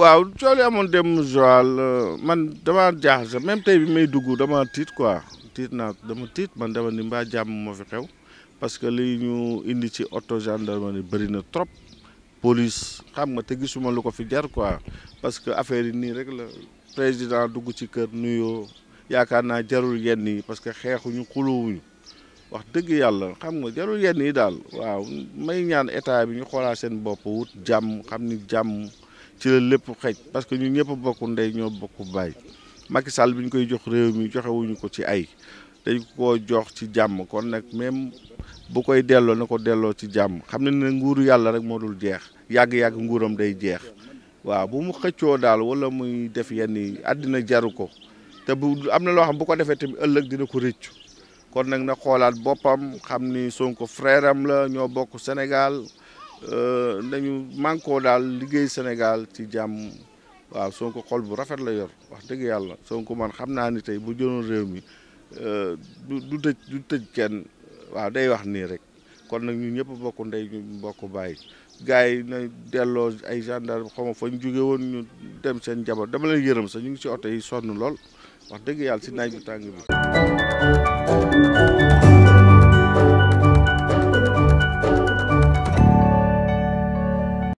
waaw coow li amoon dem Joal euh, man dama jaaxase même tey bi may dugg dama tiit quoi tiit naa dama tiit man dama ni mbaa jàmm moo fi xew parce que li ñu indi ci oto gendarmerie bëri na trop police xam nga te gisuma lu ko fi jar quoi parce que affaire yi nii rek la président dugg ci kër nuyoo yaakaar naa jarul yenn yi parce que xeexuñu xuluwuñu wax dëgg yàlla xam nga jarul yenn yi daal waaw may ñaan état bi ñu xoolaa seen bopp wut jàmm xam ni jàmm ci la lépp xej parce que ñun ñëpp bokk ndey ñoo bokk baay Macky Sall bi ñu koy jox réew mi joxewuñu ko ci ay dañ ko jox ci jàmm kon nag même bu koy delloo na ko delloo ci jàmm xam ne ne nguuru yàlla rek moo dul jeex yàgg-yàgg nguuram day jeex waaw bu mu xëccoo daal wala muy def yenn àddina jaru ko te bu am na loo xam bu ko defee tamit ëllëg dina ko rëccu kon nag na xoolaat boppam xam ni Sonko frère la ñoo bokk Sénégal Euh, nañu mànkoo daal liggéey Sénégal ci jàmm waaw Sonko xol bu rafet la yor wax dëgg yàlla Sonko man xam naa ni tey bu jëloon réew mi euh, du du tëj du tëj kenn waaw day wax nii rek kon nag ñu ñëpp bokk ndey ñu bokk bàyyi gars yi na delloo ay gendarme xaw ma fa ñu jóge woon ñu dem seen jabar dama leen yërëm sax ñu ngi si oto yi sonn lool wax dëgg yàlla si naaj bu tàng bi